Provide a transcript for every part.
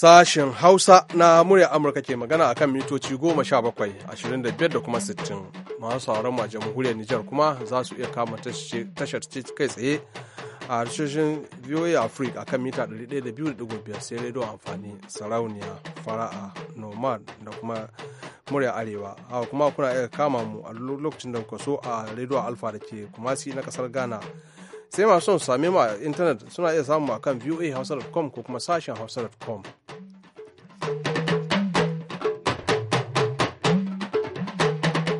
Sashen Hausa na murya Amurka ke magana a kan mitoci 17, da kuma 60. Masu sauran ma a jamhuriyar Nijar kuma za su iya kama tashar kai tsaye a harshen VOA Africa a kan mita 102.5 sai rediyo amfani sarauniya fara'a nomad da kuma murya arewa a kuma kuna iya kama mu a lokacin da kuka so a rediyo alfa da ke kumasi na kasar ghana sai masu son same mu a intanet suna iya samu a kan voahausa.com ko kuma sashen hausa.com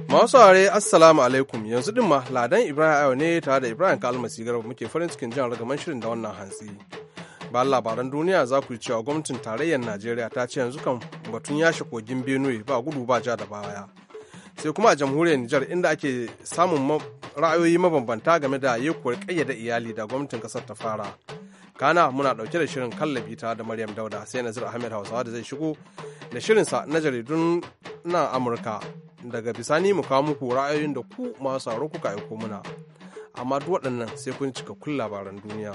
Masu are assalamu alaikum yanzu din ma ladan Ibrahim Ayo ne tare da Ibrahim Kalmasi Garba muke farin cikin jan ragaman shirin da wannan hantsi. Ba labaran duniya za ku yi cewa gwamnatin tarayyar Najeriya ta ce yanzu kan batun yashe kogin Benue ba gudu ba ja da baya. Sai kuma a jamhuriyar Nijar inda ake samun ra'ayoyi mabambanta game da yekuwar kayyade iyali da gwamnatin kasar ta fara. kana muna ɗauke da shirin kallabi ta da maryam dauda sai nazir ahmed hausawa da zai shigo da shirinsa na jaridun na amurka daga bisani mu kawo muku ra'ayoyin da ku masu sauro kuka aiko muna amma duk waɗannan sai kun cika kun labaran duniya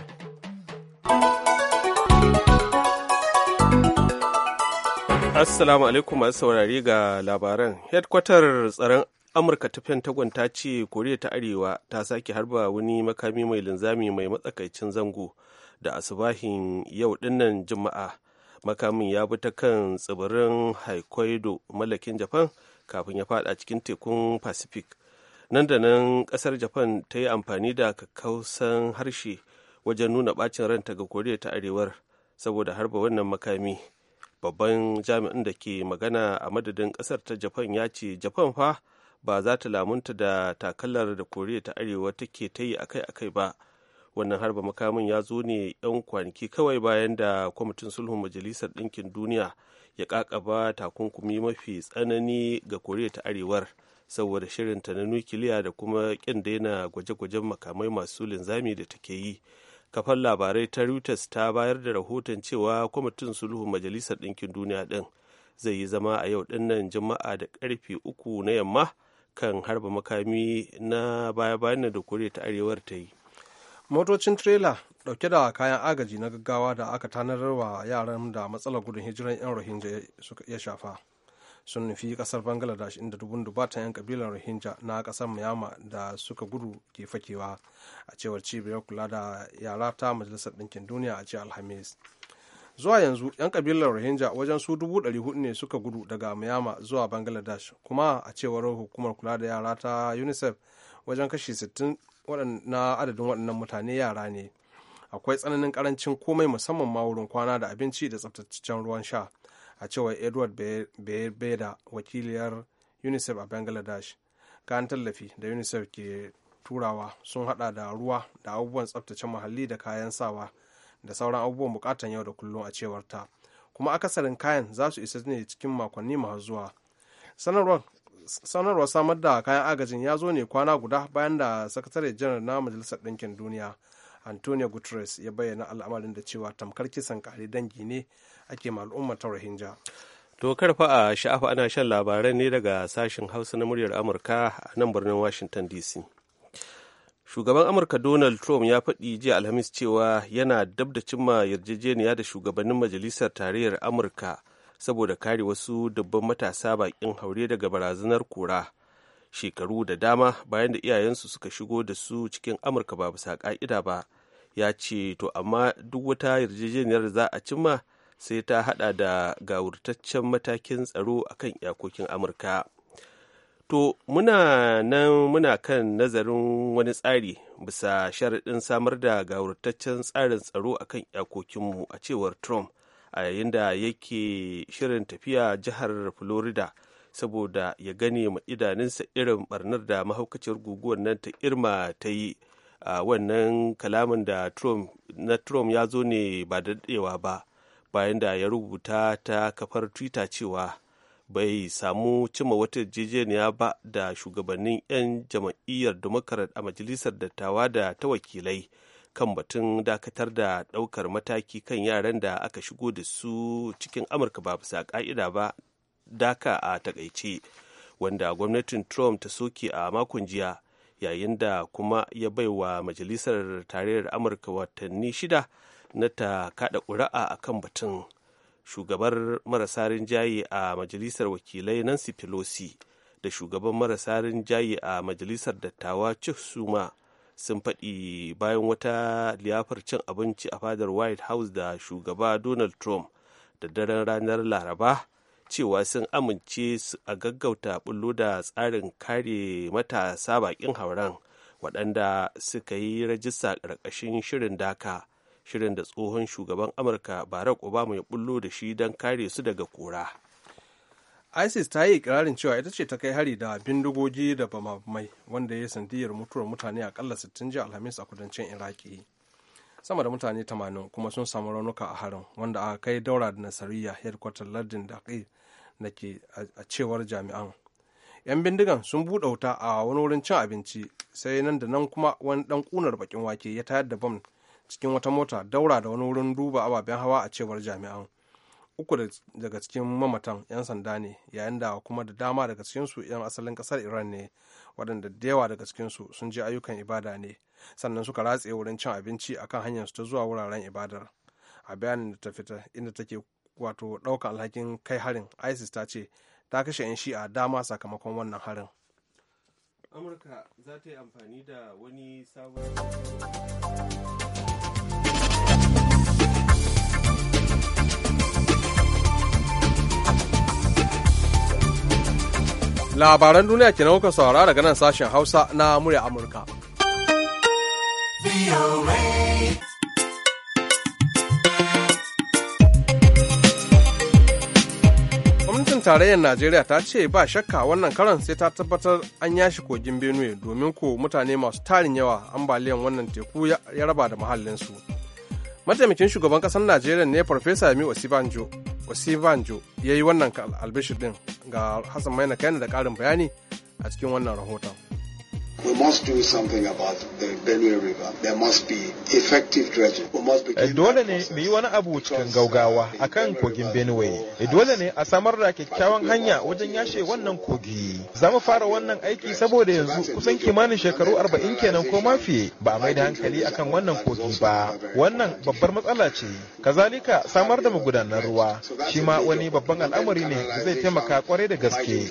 assalamu alaikum masu saurari ga labaran headkwatar tsaron amurka ta pentagon ta ce koriya ta arewa ta sake harba wani makami mai linzami mai matsakaicin zango da asubahin yau dinnan juma'a makamin ya bi ta kan tsibirin haikwaido mallakin japan kafin ya fada cikin tekun pacific nan da nan kasar japan ta yi amfani da kakkausan harshe wajen nuna bacin ranta ga koriya ta arewar saboda harba wannan makami babban jami'in da ke magana a madadin kasar ta japan ya ce japan fa ba za ta lamunta da takalar da koriya ta arewa take ta yi akai-akai ba wannan harba makamin ya zo ne 'yan kwanaki kawai bayan da kwamitin sulhun majalisar ɗinkin duniya ya kakaba takunkumi mafi tsanani ga koriya ta arewar saboda shirinta na nukiliya da kuma kin daina gwaje-gwajen makamai masu linzami da take yi kafar labarai ta reuters ta bayar da rahoton cewa kwamitin sulhun majalisar ɗinkin duniya ɗin zai yi zama a yau dinnan jama'a da karfe uku na yamma kan harba makami na baya-bayan da koriya ta arewar ta yi motocin trela dauke da kayan agaji na gaggawa da aka tanarwa yaran da matsalar gudun hijiran 'yan rohingya ya shafa sun nufi kasar bangladesh inda dubun dubatan 'yan kabilar rohingya na kasar myama da suka gudu ke fakewa a cewar cibiyar kula da yara ta majalisar ɗinkin duniya a ce alhamis zuwa yanzu 'yan kabilar rohingya wajen su dubu ɗari hudu ne suka gudu daga myama zuwa bangladesh kuma a cewar hukumar kula da yara ta unicef wajen kashi sittin na adadin waɗannan mutane yara ne akwai tsananin karancin komai musamman ma wurin kwana da abinci da tsaftataccen ruwan sha a cewar edward beda wakiliyar unicef a bangladesh kayan tallafi da unicef ke turawa sun hada da ruwa da abubuwan tsaftace muhalli da kayan sawa da sauran abubuwan bukatan yau da kullum a cewar ta kuma akasarin kayan za su isa ne cikin makonni masu zuwa sanarwar sanarwar samar da kayan agajin ya zo ne kwana guda bayan da sakatare janar na majalisar ɗinkin duniya antonio guterres ya bayyana al'amarin da cewa tamkar kisan kare dangi ne ake ma al'ummar ta rohingya to karfa a sha'afa ana shan labarai ne daga sashen hausa na muryar amurka a nan birnin washington dc shugaban amurka donald trump ya faɗi jiya alhamis cewa yana dab da cimma yarjejeniya da shugabannin majalisar tarayyar amurka saboda kare wasu dubban matasa bakin haure daga barazanar kura shekaru da dama bayan da iyayensu suka shigo da su cikin amurka ba bisa ka'ida ba ya ce to amma duk wata yarjejeniyar za a cimma sai ta hada da gawurtaccen matakin tsaro akan iyakokin amurka to muna nan muna kan nazarin wani tsari bisa sharaɗin samar da gawurtaccen tsarin tsaro akan iyakokinmu a cewar trump a yayin da yake shirin tafiya jihar florida saboda ya gani ma idanunsa irin barnar da mahaukaciyar guguwar nan ta irma ta yi a wannan kalamin da trump na trump ya zo ne ba daɗewa ba bayan da ya rubuta ta kafar twitter cewa bai samu cima wata jejeniya ba da shugabannin 'yan jama'iyyar democrat a majalisar dattawa da ta wakilai kan batun dakatar da ɗaukar mataki kan yaran da aka shigo da su cikin amurka ba bisa ƙa'ida ba daka a takaice wanda gwamnatin trump ta soke a makon jiya yayin da kuma ya bai wa majalisar tarayyar amurka watanni shida na ta kada ƙuri'a a kan batun shugabar marasa rinjaye a majalisar wakilai nancy pelosi da shugaban marasa rinjaye a majalisar dattawa chuck suma sun faɗi bayan wata liyafar cin abinci a fadar white house da shugaba donald trump da daren ranar laraba cewa sun amince a gaggauta bullo da tsarin kare matasa bakin hauren waɗanda suka yi rajista ƙarƙashin shirin daka shirin da tsohon shugaban amurka barack obama ya bullo da shi don kare su daga kura isis ta yi ikirarin cewa ita ce ta kai hari da bindigogi da bamamai wanda ya sandiyar mutuwar mutane a kalla 60 jiya alhamis a kudancin iraki sama da mutane 80 kuma sun samu raunuka a harin wanda aka kai daura da nasariya headquarter lardin da ke a cewar jami'an 'yan bindigan sun buɗe wuta a wani wurin cin abinci sai nan da nan kuma wani dan kunar bakin wake ya tayar da bam cikin wata mota daura da wani wurin duba ababen hawa a cewar jami'an uku daga cikin mamatan 'yan sanda ne yayin da kuma da dama daga cikinsu 'yan asalin kasar iran ne waɗanda da yawa daga cikinsu sun je ayyukan ibada ne sannan suka ratse wurin cin abinci akan hanyar su ta zuwa wuraren ibadar a bayanin da ta fita inda take wato ɗaukar alhakin kai harin isis ta ce ta kashe 'yan shi'a dama sakamakon wannan harin amurka za ta yi amfani da wani sabon Labaran duniya nan kuka saurara daga nan sashen Hausa na murya Amurka. Gwamnatin tarayyar Najeriya ta ce ba shakka wannan karan sai ta tabbatar an yashi kogin Benue domin ko mutane masu tarin yawa ambaliyan wannan teku ya raba da muhallinsu. Mataimakin shugaban ƙasar Najeriya ne Farfesa Yemi Osibanjo Osibanjo ya yi wannan albishir ɗin ga Hassan Maina ni da ƙarin bayani a cikin wannan rahoton. Dole ne mu yi wani abu cikin uh, gaugawa a kan kogin Benue. Eh, dole ne a samar da kyakkyawan hanya wajen yashe wannan kogi. Za mu fara wannan aiki saboda yanzu kusan kimanin shekaru arba'in kenan ko ma ba a maida da hankali akan wannan kogi ba. Wannan babbar matsala ce. Kazalika samar da magudanan ruwa shi ma wani babban al'amari ne zai taimaka kwarai da gaske.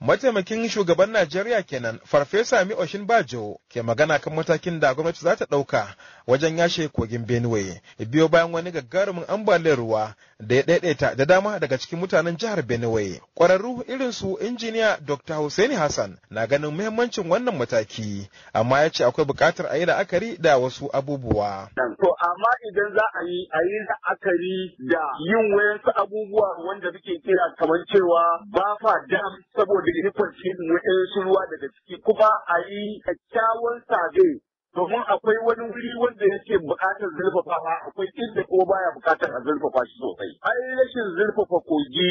mataimakin shugaban Najeriya kenan Farfesa Mi Oshin Bajo ke magana kan matakin da gwamnati za ta ɗauka wajen yashe kogin Benue biyo bayan wani gagarumin ambaliyar ruwa da ya ɗaiɗaita da dama daga cikin mutanen jihar Benue. Ƙwararru irin su injiniya Dr. Hussaini Hassan na ganin muhimmancin wannan mataki amma ya ce akwai buƙatar a yi la'akari da wasu abubuwa. To amma idan za a yi a yi la'akari da yin wayansu abubuwa wanda muke kira kamar cewa ba fa dam saboda rikon ruwa daga ciki kuma a yi kyakkyawan sabe domin akwai wani wuri wanda yake zurfafa zurfafawa akwai inda ko baya bukatar a zurfafa shi sosai ai rashin zurfafa kogi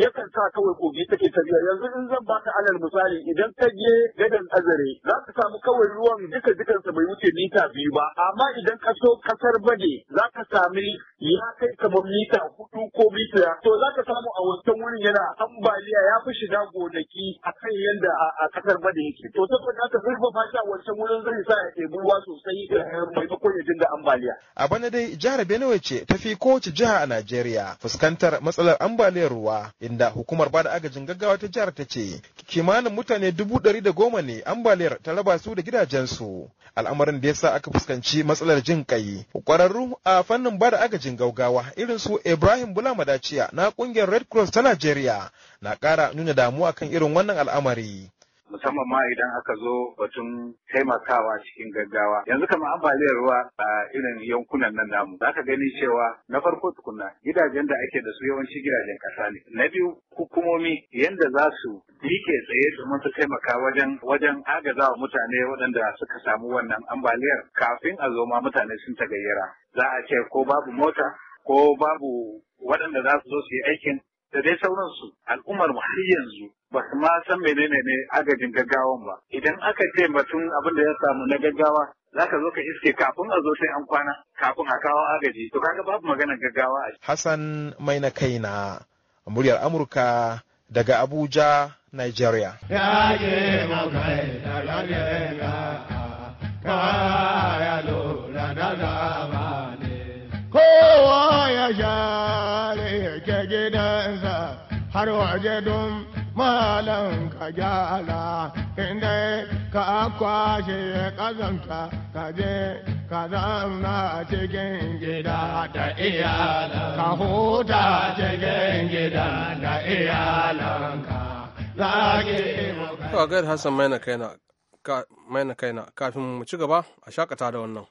yakan sa kawai kogi take tafiya yanzu in zan baka alal misali idan ka je gadan azare za ka samu kawai ruwan duka dukansa bai wuce mita biyu ba amma idan ka so kasar bade za ka sami ya kai kamar mita hudu ko mita to za ka samu a wancan wurin yana ambaliya ya fi shiga gonaki akan yadda a kasar bade yake to saboda haka zurfafa shi a wancan wurin zai sa ya ke ruwa sosai maimakon ya dinga ambaliya. A bana dai jihar Benue ce ta fi kowace jiha a Najeriya fuskantar matsalar ambaliyar ruwa inda hukumar bada agajin gaggawa ta jihar ta ce kimanin mutane dubu ɗari da goma ne ambaliyar ta raba su da gidajensu. Al'amarin da yasa aka fuskanci matsalar jin kai. Kwararru a fannin bada agajin gaggawa irin su Ibrahim Bulama Daciya na ƙungiyar Red Cross ta Najeriya na ƙara nuna damuwa kan irin wannan al'amari. musamman ma idan aka zo batun taimakawa cikin gaggawa yanzu kama ambaliyar ruwa a irin yankunan nan namu za ka gani cewa na farko tukunna gidajen da ake da su yawanci gidajen kasa ne na biyu hukumomi yadda za su dike tsaye domin su taimaka wajen wajen agazawa mutane waɗanda suka samu wannan ambaliyar kafin a zo ma mutane sun tagayyara za a ce ko babu mota ko babu waɗanda za su zo su yi aikin da dai sauransu al'ummar mu har yanzu ba su ma san menene ne agajin gaggawan ba idan aka ce batun abin da ya samu na gaggawa za ka zo ka iske kafin a zo sai an kwana kafin a kawo agaji to kaga babu magana gaggawa a Hassan mai na kai na muryar Amurka daga Abuja Nigeria Kowa ya share ke gidansa har waje don malam ka gyara inda ka kwashe kazanta ka je ka zauna cikin gida da iyalan ka huta cikin gida da iyalan ka zage ka. Hassan maina kaina kafin mu ci gaba a shakata da wannan.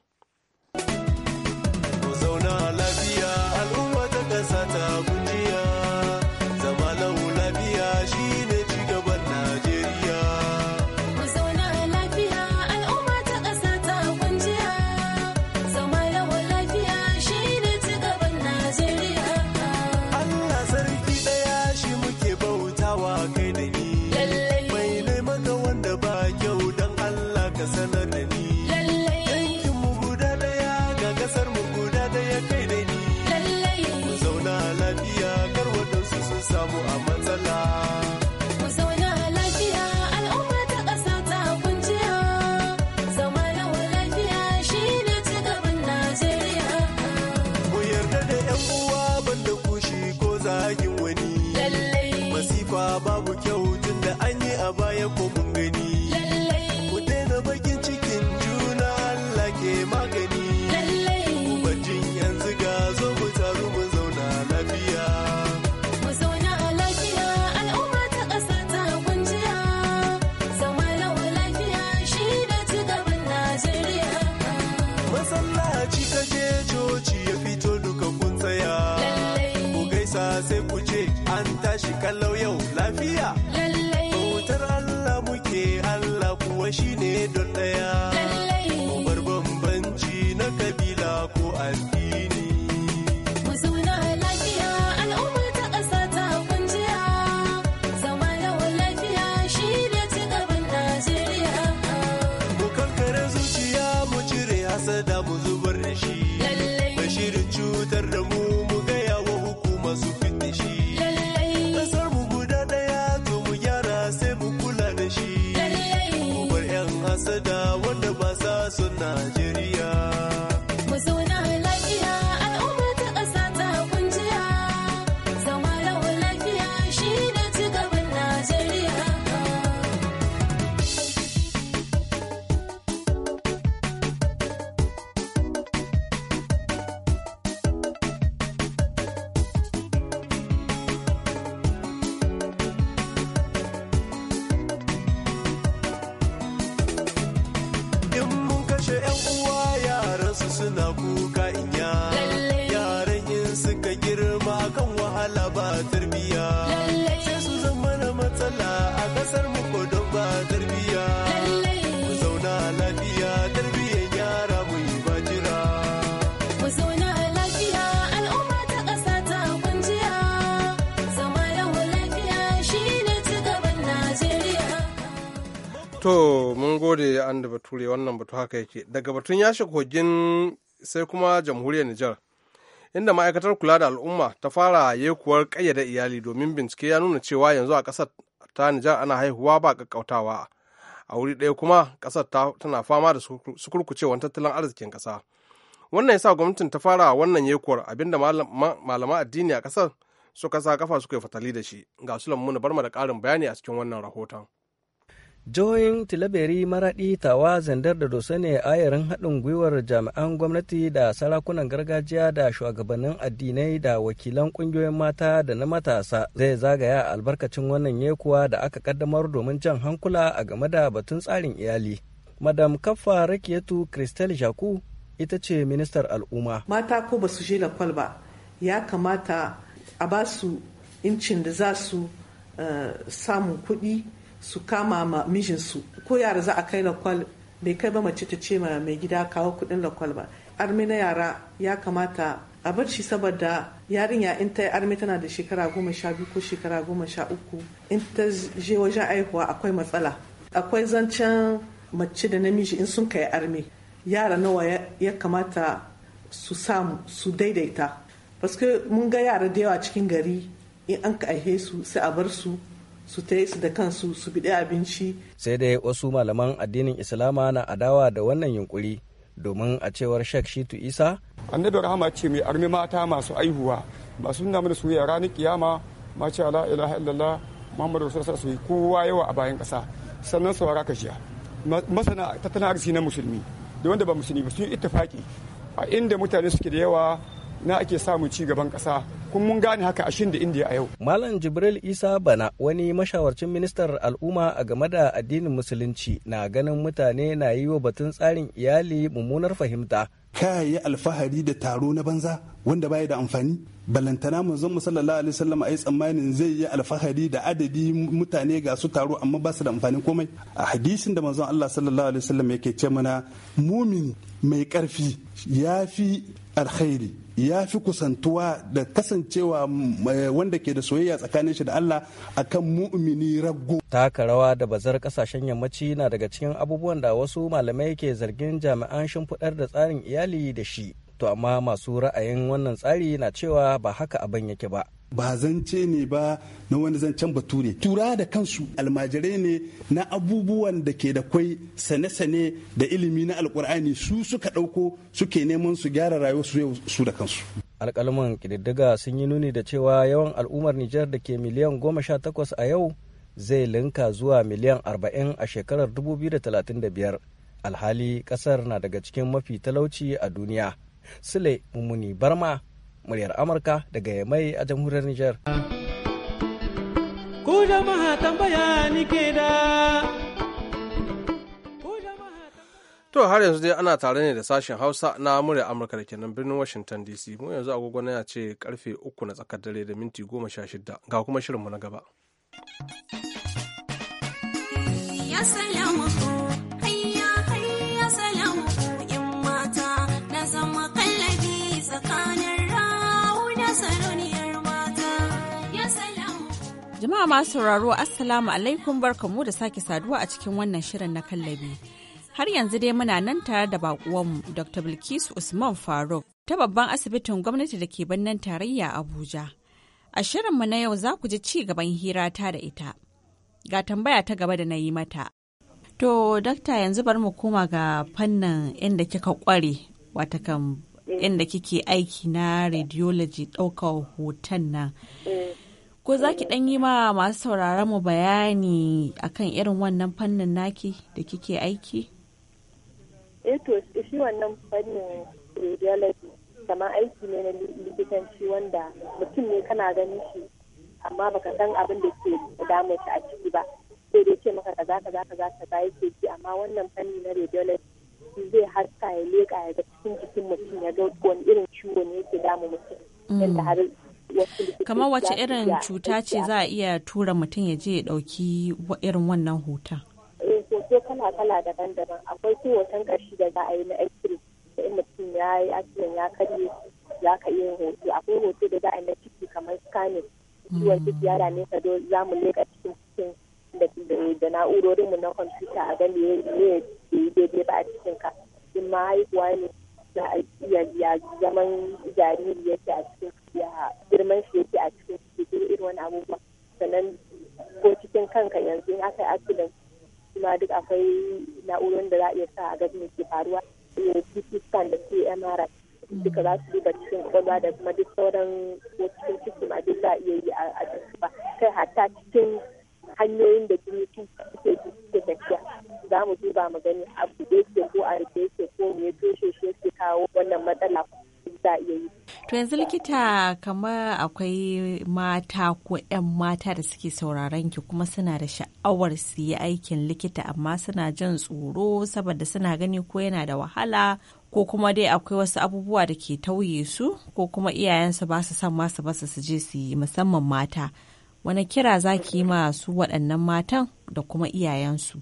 gode an da bature wannan batu haka yake daga batun yashe kogin sai kuma jamhuriyar nijar inda ma'aikatar kula da al'umma ta fara yekuwar kayyade iyali domin bincike ya nuna cewa yanzu a ƙasar ta nijar ana haihuwa ba kakkautawa a wuri ɗaya kuma ƙasar tana fama da sukurkucewar tattalin arzikin ƙasa wannan yasa gwamnatin ta fara wannan yekuwar abinda malama addini a ƙasar suka sa kafa suka yi fatali da shi ga sulan muna bar da ƙarin bayani a cikin wannan rahoton Jihohin Tilaberi Maraɗi Tawa Zandar da Dosa ne ayarin haɗin gwiwar jami'an gwamnati da sarakunan gargajiya da shugabannin addinai da wakilan ƙungiyoyin mata da na matasa zai zagaya albarkacin wannan yekuwa da aka kaddamar domin jan hankula a game da batun tsarin iyali. Madam Kaffa Rakiyatu Christelle Jaku ita ce ministar al'umma. Mata ko ba su je da ba ya kamata a ba su incin da za su eh, samu kuɗi su kama ma mijinsu ko yara za a kai lakwal bai kai ba mace ta ce ma mai gida kawo kuɗin lakwal ba armi na yara ya kamata a bar shi saboda yarinya in ta yi armi tana da shekara goma sha biyu ko shekara goma sha uku in ta je wajen aihuwa akwai matsala akwai zancen mace da namiji in sun kai armi yara nawa ya kamata su samu su daidaita paske mun ga yara da yawa cikin gari in an ka su sai a bar su su ta su da kansu su biɗi abinci. Sai dai wasu malaman addinin Islama na adawa da wannan yunkuri domin a cewar Sheikh Shitu Isa. Annabi rahama ce mai armi mata masu aihuwa ba sun da mana yi ranar kiyama ma ce ilaha illallah Muhammadu Rasulullah su yi kowa yawa a bayan ƙasa sannan su ka jiya. Masana tattalin arziki na musulmi da wanda ba musulmi ba sun yi ittifaki a inda mutane suke da yawa na ake samun ci gaban ƙasa kun mun gane haka a shin da indiya a yau malam jibril isa bana wani mashawarcin ministar al'umma a game da addinin musulunci na ganin mutane na yi wa batun tsarin iyali mummunar fahimta Ka yi alfahari da taro na banza wanda baya da amfani balantana manzon mu sallallahu alaihi wasallam ayi tsammanin zai yi alfahari da adadi mutane ga su taro amma ba su da amfani komai a hadisin da manzon Allah sallallahu alaihi wasallam yake ce mana mumin mai karfi ya fi alkhairi ya fi kusantuwa da kasancewa eh, wanda ke da soyayya tsakanin shi da Allah akan mu'mini raggo. Taka rawa da bazar kasashen yammaci na daga cikin abubuwan da wasu malamai ke zargin jami'an shimfiɗar da tsarin iyali da shi. To amma masu ra'ayin wannan tsari na cewa ba haka abin yake ba. ba zance ne ba na wani zancen ne. tura da kansu almajirai ne na abubuwan da ke da kwai sane-sane da ilimi na alkur'ani su suka ɗauko suke neman su gyara rayuwarsu su da kansu alkalman ƙididdiga sun yi nuni da cewa yawan al'ummar nijar da ke miliyan goma sha takwas a yau zai linka zuwa miliyan arba'in a shekarar dubu biyu da talatin da biyar alhali ƙasar na daga cikin mafi talauci a duniya sule mummuni barma muryar amurka daga mai a jamhuriyar niger jama'a tambaya da To har yanzu dai ana tare ne da sashen Hausa na murya Amurka da kenan birnin Washington DC. Mu yanzu agogo na ya ce karfe uku na tsakar dare da minti goma sha shida ga kuma shirin mu na gaba. Ya salamu Jama'a masu sauraro Assalamu alaikum mu da sake saduwa a cikin wannan shirin na kallabi. Har yanzu dai muna nan tare da bakuwanmu Dr. Bilkisu Usman Faruk ta babban asibitin gwamnati da ke birnin tarayya Abuja. A shirinmu na yau za ku ji ci gaban hira ta da ita. Ga tambaya ta gaba da na yi mata. To, dakta yanzu bari mu koma ga fannin inda kika kware watakan inda kike aiki na radiology ɗaukar hoton nan. Eh. ko za ki ɗan yi ma masu sauraron mu bayani akan irin wannan fannin naki da kike aiki? Eh to shi wannan fannin radiology kama aiki ne na likitanci wanda mutum ne kana ganin shi amma baka san abin da ke damun shi a ciki ba sai dai ce maka kaza kaza kaza kaza yake ji amma wannan fanni na radiology zai haska ya leƙa ya ga cikin jikin mutum ya ga wani irin ciwo ne yake damu mutum mm. yadda har kamar wace irin cuta ce za a iya tura mutum ya je ya ɗauki irin wannan hoto eh, hoto kala kala daban-daban akwai hoton ƙashi da za a yi na x-ray da ina mutum ya yi accident ya karye za ka iya hoto akwai hoto da za a yi na ciki kamar scanning ciwon ciki ya dame ka za mu leka cikin cikin da na'urorinmu na kwamfuta a gani ya yi daidai ba a cikin ka in ma haihuwa ne za a iya zaman jariri yake a cikin ya girman shi yake a cikin cikin irin wani abubuwa sannan ko cikin kanka yanzu in aka yi accident kuma duk akwai na'urorin da za a iya sa a ga ke faruwa ya eh, ct scan da ke mri duka za su duba cikin kwalwa da kuma duk sauran ko cikin ciki ma duk za a iya yi a cikin ba kai hatta cikin hanyoyin da jini suke suke tafiya za mu duba mu gani abu da ko a rufe ko me ya toshe shi yake kawo wannan matsala za a iya yi. To yanzu likita kamar akwai mata ko 'yan mata da suke sauraron ki kuma suna da sha'awar su yi aikin likita amma suna jin tsoro saboda suna gani ko yana da wahala ko kuma dai akwai wasu abubuwa da ke tauye su ko kuma iyayensu ba su son masu basu su je su yi musamman mata. Wani kira za ki yi ma waɗannan matan da kuma iyayensu?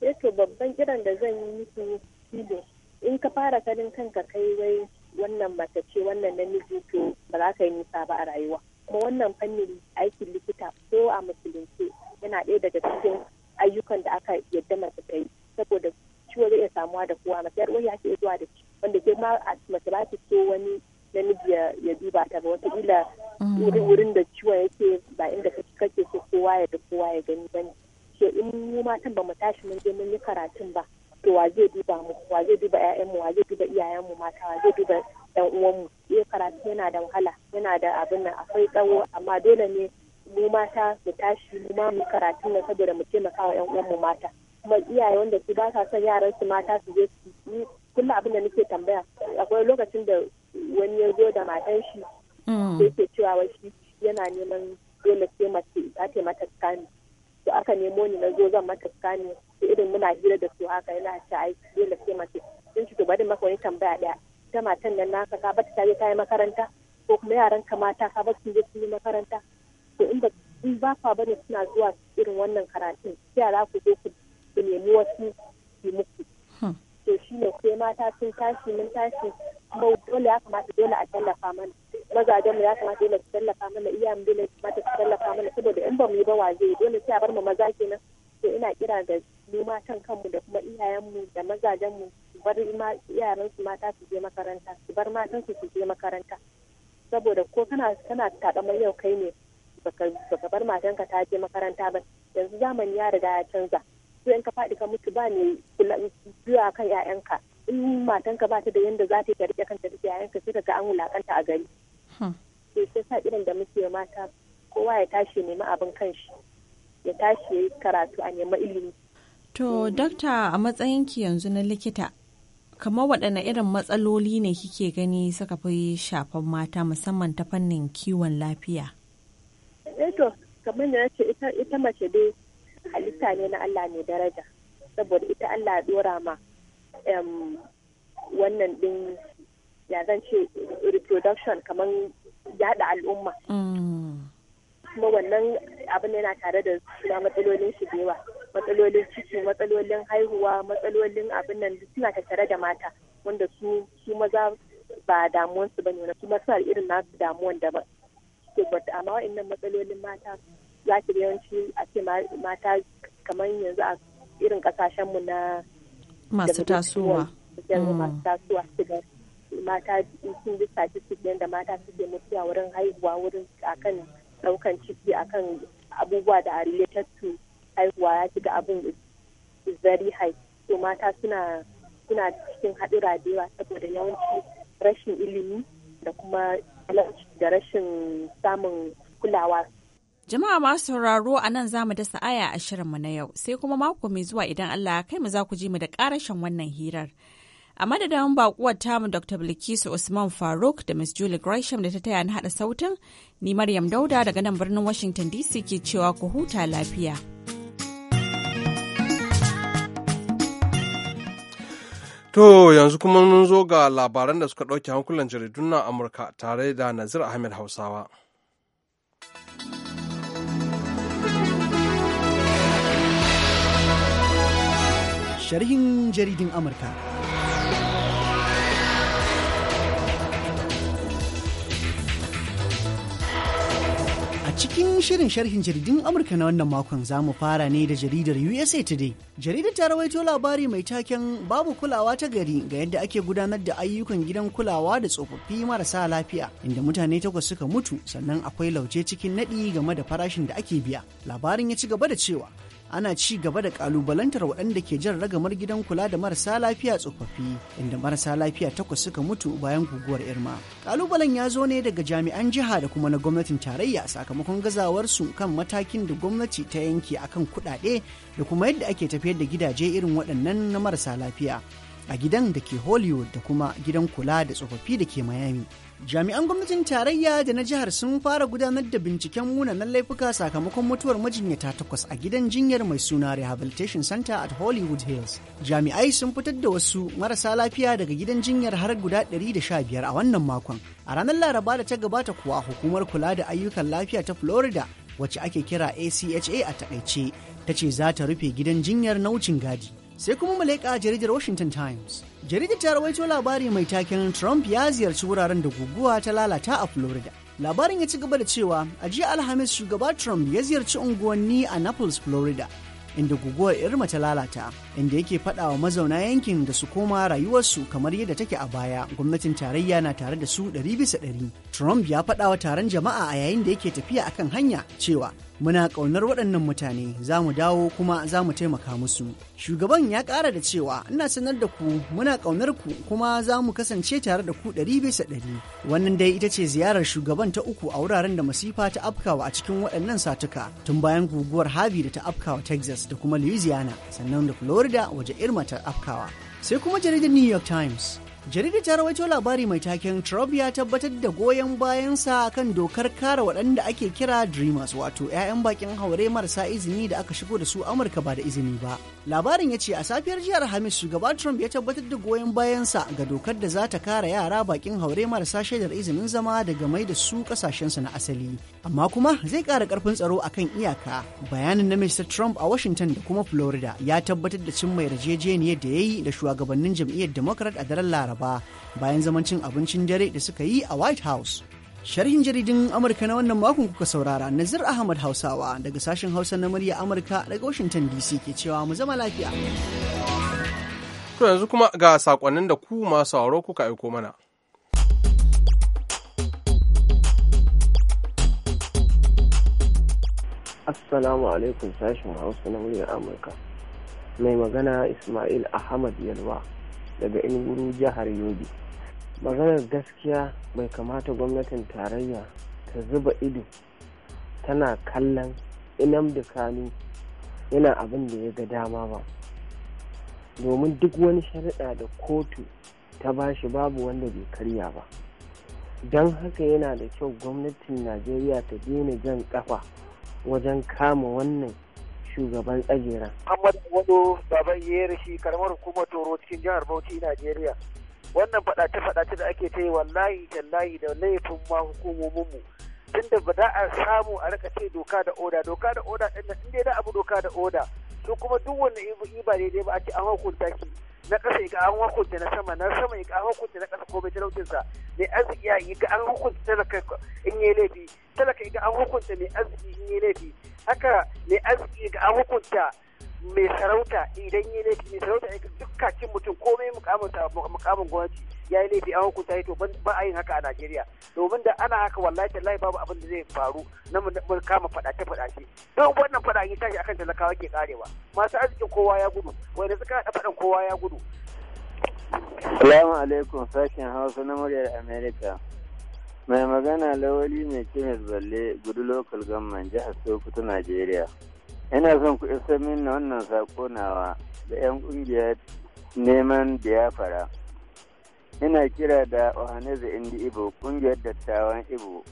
Yato eh babban kiran da zan yi musu in ka fara kanin kanka kai wai wannan mace ce wannan namiji to ba za ka yi nisa ba a rayuwa kuma wannan fannin aikin likita ko a musulunce yana ɗaya daga cikin ayyukan da aka yadda mace ta yi saboda ciwo zai iya samuwa da kowa mace yar ya ke zuwa da ci wanda ke ma mace ba ta so wani namiji ya duba ta ba wata ila mm. wurin da ciwo yake ba inda kake so kowa ya da kowa ya gani bane ke in mu matan ba mu tashi mun je mun yi karatun ba ce wa zai duba mu wa zai duba mu wa zai duba mu mata wa zai duba ɗan mu eh karatu yana da wahala yana da abin nan akwai tsawo amma dole ne mu mata su tashi mu ma mu karatu ne saboda mu taimaka wa ƴan uwanmu mata kuma iyaye wanda su ba sa son yaran su mata su je su kullum abin da nake tambaya akwai lokacin da wani ya zo da matan shi mm. sai ke cewa wai shi yana neman dole sai mace za ta mata aka nemo ni na zo zan mata skani irin muna hira da su haka yana ta ai dole sai mace sun ci da maka wani tambaya daya ta matan nan naka ka bata ta je ta yi makaranta ko kuma yaran ka mata ka bata su je sun yi makaranta to in ba in ba fa bane suna zuwa irin wannan karatun yara ku zo ku nemi wasu su muku hmm. to shi ne sai mata sun tashi mun tashi kuma dole ya kamata dole a tallafa mana mazajen mu ya kamata dole su tallafa mana iyayen dole kamata su tallafa mana saboda in ba mu yi ba waje dole sai a bar mu maza kenan sai ina kira ga mu matan kanmu da kuma iyayenmu da mazajenmu su bar yaran su mata su je makaranta su bar matan su su je makaranta saboda ko kana kana taɗa yau kai ne baka bar ka ta je makaranta ba yanzu zamani ya riga ya canza sai in ka faɗi ka mutu ba ne zuwa kan 'ya'yanka in matan ba ta da yadda za ta yi ta riƙe kanta da 'ya'yanka sai ka an wulakanta a gari. Hmm. to sai sa irin da muke mata kowa ya tashi nema abin kanshi ya tashi ya yi karatu a nema ilimi. To, dakta a matsayinki yanzu na likita, kamar waɗanne irin matsaloli ne kike gani suka fi shafan mata musamman ta fannin kiwon lafiya? Eh to kamar da ce ita mace dai halitta ne na Allah mai daraja, saboda ita Allah ɗora ma wannan ɗin ya zan ce reproduction kamar yada al'umma. Mm. kuma wannan abin yana tare da suna matsalolin shi da yawa matsalolin ciki matsalolin haihuwa matsalolin abin nan suna tattare da mata wanda su su maza ba damuwan su bane ne kuma suna irin nasu damuwan da ba daban amma wa'annan matsalolin mata za ki yawanci a ce mata kamar yanzu a irin kasashen mu na masu tasowa mm. masu tasowa mata sun bi statistics da mata suke mutuwa wurin haihuwa wurin akan daukan ciki akan abubuwa da a related to haihuwa ya ci ga abin is very high to mata suna suna cikin haɗura da saboda yawanci rashin ilimi da kuma da rashin samun kulawa Jama'a masu sauraro a nan za mu dasa aya a shirinmu na yau sai kuma mako mai zuwa idan Allah ya kai mu za ku ji mu da ƙarashin wannan hirar. A madadin bakuwar tamu Dr. Bilkisu Usman Faruk da Ms Julie Gresham da ta taya ni haɗa sautin, ni Maryam Dauda daga nan birnin Washington DC ke cewa ku huta lafiya. To yanzu kuma mun zo ga labaran da suka ɗauke hankulan jaridun na Amurka tare da Nazir Ahmed Hausawa. Sharhin jaridin Amurka. cikin shirin sharhin jaridun Amurka na wannan makon za mu fara ne da jaridar USA Today. Jaridar ta rawaito labari mai taken babu kulawa ta gari ga yadda ake gudanar da ayyukan gidan kulawa da tsofaffi marasa lafiya inda mutane takwas suka mutu sannan akwai lauje cikin naɗi game da farashin da ake biya. Labarin ya ci gaba da cewa ana ci gaba da kalubalantar waɗanda ke jan ragamar gidan kula da marasa lafiya tsofaffi inda marasa lafiya takwas suka mutu bayan guguwar irma kalubalen ya zo ne daga jami'an jiha da kuma na gwamnatin tarayya sakamakon gazawarsu kan matakin da gwamnati ta yanke akan kuɗaɗe da kuma yadda ake tafiyar da gidaje irin waɗannan na marasa lafiya a gidan da ke hollywood da kuma gidan kula da tsofaffi da ke miami jami'an gwamnatin tarayya da na jihar sun fara gudanar da binciken munanan laifuka sakamakon mutuwar majinyata takwas a gidan jinyar mai suna rehabilitation center at hollywood hills jami'ai sun fitar da wasu marasa lafiya daga gidan jinyar har guda 115 a wannan makon a ranar laraba da ta gabata kuwa hukumar kula da ayyukan lafiya ta florida wacce ake kira acha a takaice ta ce za ta rufe gidan jinyar na wucin gadi sai kuma mu leƙa jaridar Washington Times. Jaridar ta rawaito labari mai taken Trump ya ziyarci wuraren da guguwa ta lalata a Florida. Labarin ya ci gaba da cewa a jiya Alhamis shugaba Trump ya ziyarci unguwanni a Naples, Florida, inda guguwar Irma ta lalata, inda yake faɗa wa mazauna yankin da su koma rayuwarsu kamar yadda take a baya. Gwamnatin tarayya na tare da su ɗari bisa ɗari. Trump ya faɗa wa taron jama'a a yayin da yake tafiya akan hanya cewa muna ƙaunar waɗannan mutane za mu dawo kuma za mu taimaka musu shugaban ya ƙara da cewa ina sanar da ku muna ƙaunar ku kuma za mu kasance tare da ku ɗari bisa ɗari wannan dai ita ce ziyarar shugaban ta uku a wuraren da masifa ta afkawa a cikin waɗannan satuka tun bayan guguwar harvey da ta afkawa texas da kuma louisiana sannan da florida waje irma ta afkawa sai kuma jaridar new york times jaridar ta rawaito labari mai taken Trump ya tabbatar da goyon bayansa kan dokar kare waɗanda ake kira Dreamers wato 'ya'yan bakin haure marasa izini da aka shigo da su Amurka ba da izini ba. Labarin ya ce a safiyar jihar Hamis shugaba Trump ya tabbatar da goyon bayansa ga dokar da za ta kare yara bakin haure marasa shaidar izinin zama daga mai da su kasashensu na asali. Amma kuma zai ƙara ƙarfin tsaro akan iyaka. Bayanin na Mr. Trump a Washington da kuma Florida ya tabbatar da cimma yarjejeniyar da ya yi da shugabannin jam'iyyar Democrat a daren Laraba. laraba bayan zamancin abincin dare da suka yi a white house sharhin jaridin amurka na wannan makon kuka saurara nazir ahmad hausawa daga sashen hausa na murya amurka daga washington dc ke cewa mu zama lafiya to yanzu kuma ga sakonnin da ku masu sauro kuka aiko mana assalamu alaikum sashen hausa na murya amurka mai magana ismail ahmad yalwa daga inguru jihar yobe maganar gaskiya bai kamata gwamnatin tarayya ta zuba ido tana kallon da kanu yana abin da ya ga dama ba domin duk wani shari'a da kotu ta bashi babu wanda bai karya ba don haka yana da kyau gwamnatin najeriya ta daina jan kafa wajen kama wannan shugaban tsagera. Muhammad Wado Baban rashi karamar hukumar Toro cikin jihar Bauchi Najeriya. Wannan fadace-fadace da ake ta yi wallahi layi da laifin ma hukumomin mu Tunda ba za a samu a rika ce doka da oda doka da oda ɗin nan inda da abu doka da oda. To kuma duk wanda ba daidai ba a ce an hukunta shi na ƙasa ya ga an hukunta na sama na sama ya ga an hukunta na ƙasa ko bai sa mai arziki ya ga an hukunta talaka in yi laifi talaka ya ga an hukunta mai arziki in yi laifi haka mai arziki ya ga an hukunta mai sarauta idan yi laifi mai sarauta ya ga dukkan mutum komai mukamin gwamnati ya yi laifi a hukunta ya to ba a yin haka a Najeriya domin da ana haka wallahi tallahi babu abin da zai faru na mun kama fadace fadace don wannan fada yi tashi akan talakawa ke karewa masu arzikin kowa ya gudu wanda suka haɗa fadan kowa ya gudu. Salamu alaikum sashen Hausa na muryar Amerika. Mai magana lawali mai kemis balle gudu local gamman jihar Sokoto Najeriya. Ina son ku isa min wannan sako nawa da 'yan kungiyar neman biyafara. ina kira da ohaneze indi ibo kungiyar dattawan ibo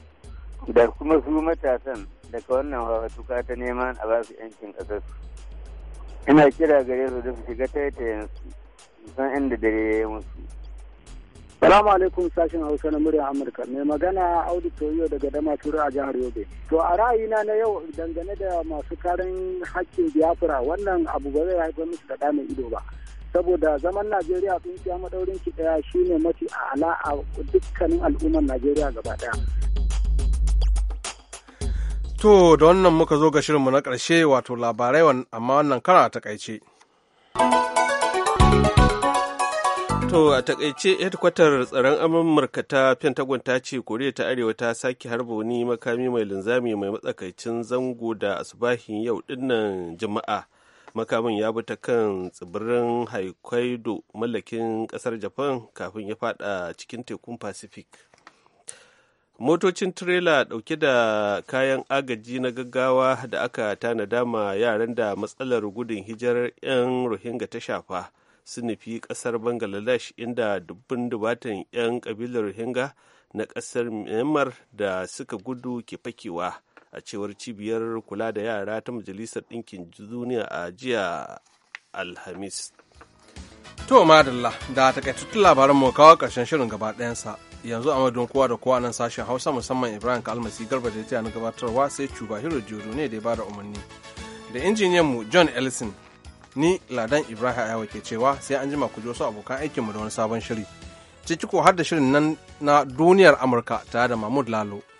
da kuma su matasan daga wannan hawatuka ta neman a basu yankin ƙasar ina kira gare su da su shiga taitayen su san inda dare ya yi musu Salamu alaikum sashen Hausa na muryar Amurka. Mai magana Audu Toyo daga Dama Tura a jihar Yobe. To a ra'ayina na yau dangane da masu karin haƙƙin biyafura wannan abu ba zai haifar musu da ɗa mai ido ba. saboda zaman najeriya fiya madaurin ki ɗaya shine mafi ala a dukkanin al'ummar najeriya gaba daya to da wannan muka zo ga shirinmu na karshe wato labarai amma wannan kara a takaice To a takaice hedkwatar tsaron Amurka ta Pentagon ta ce Koriya ta Arewa ta sake harba wani makami mai linzami mai matsakaicin zango da asubahin yau dinnan Juma'a makamin ya bi ta kan tsibirin haikwaido mallakin kasar japan kafin ya fada cikin tekun pacific motocin tirela dauke da kayan agaji na gaggawa da aka tanada ma yaran da matsalar gudun hijirar 'yan rohingya ta shafa su nufi kasar bangladesh inda dubbin dubatan 'yan kabilar rohingya na kasar myanmar da suka gudu ke fakewa a cewar cibiyar kula da yara ta majalisar ɗinkin duniya a jiya alhamis to madalla da takaitattun labaran mu kawo ƙarshen shirin gaba ɗayansa yanzu a madon kowa da kowa nan sashen hausa musamman ibrahim kalmasi garba da ta na gabatarwa sai cuba hiro jodo ne da ya bada umarni da injiniyan mu john ellison ni ladan ibrahim ayawa ke cewa sai an jima ku ji wasu abokan aikinmu da wani sabon shiri ciki ko har da shirin nan na duniyar amurka tare da mahmud lalo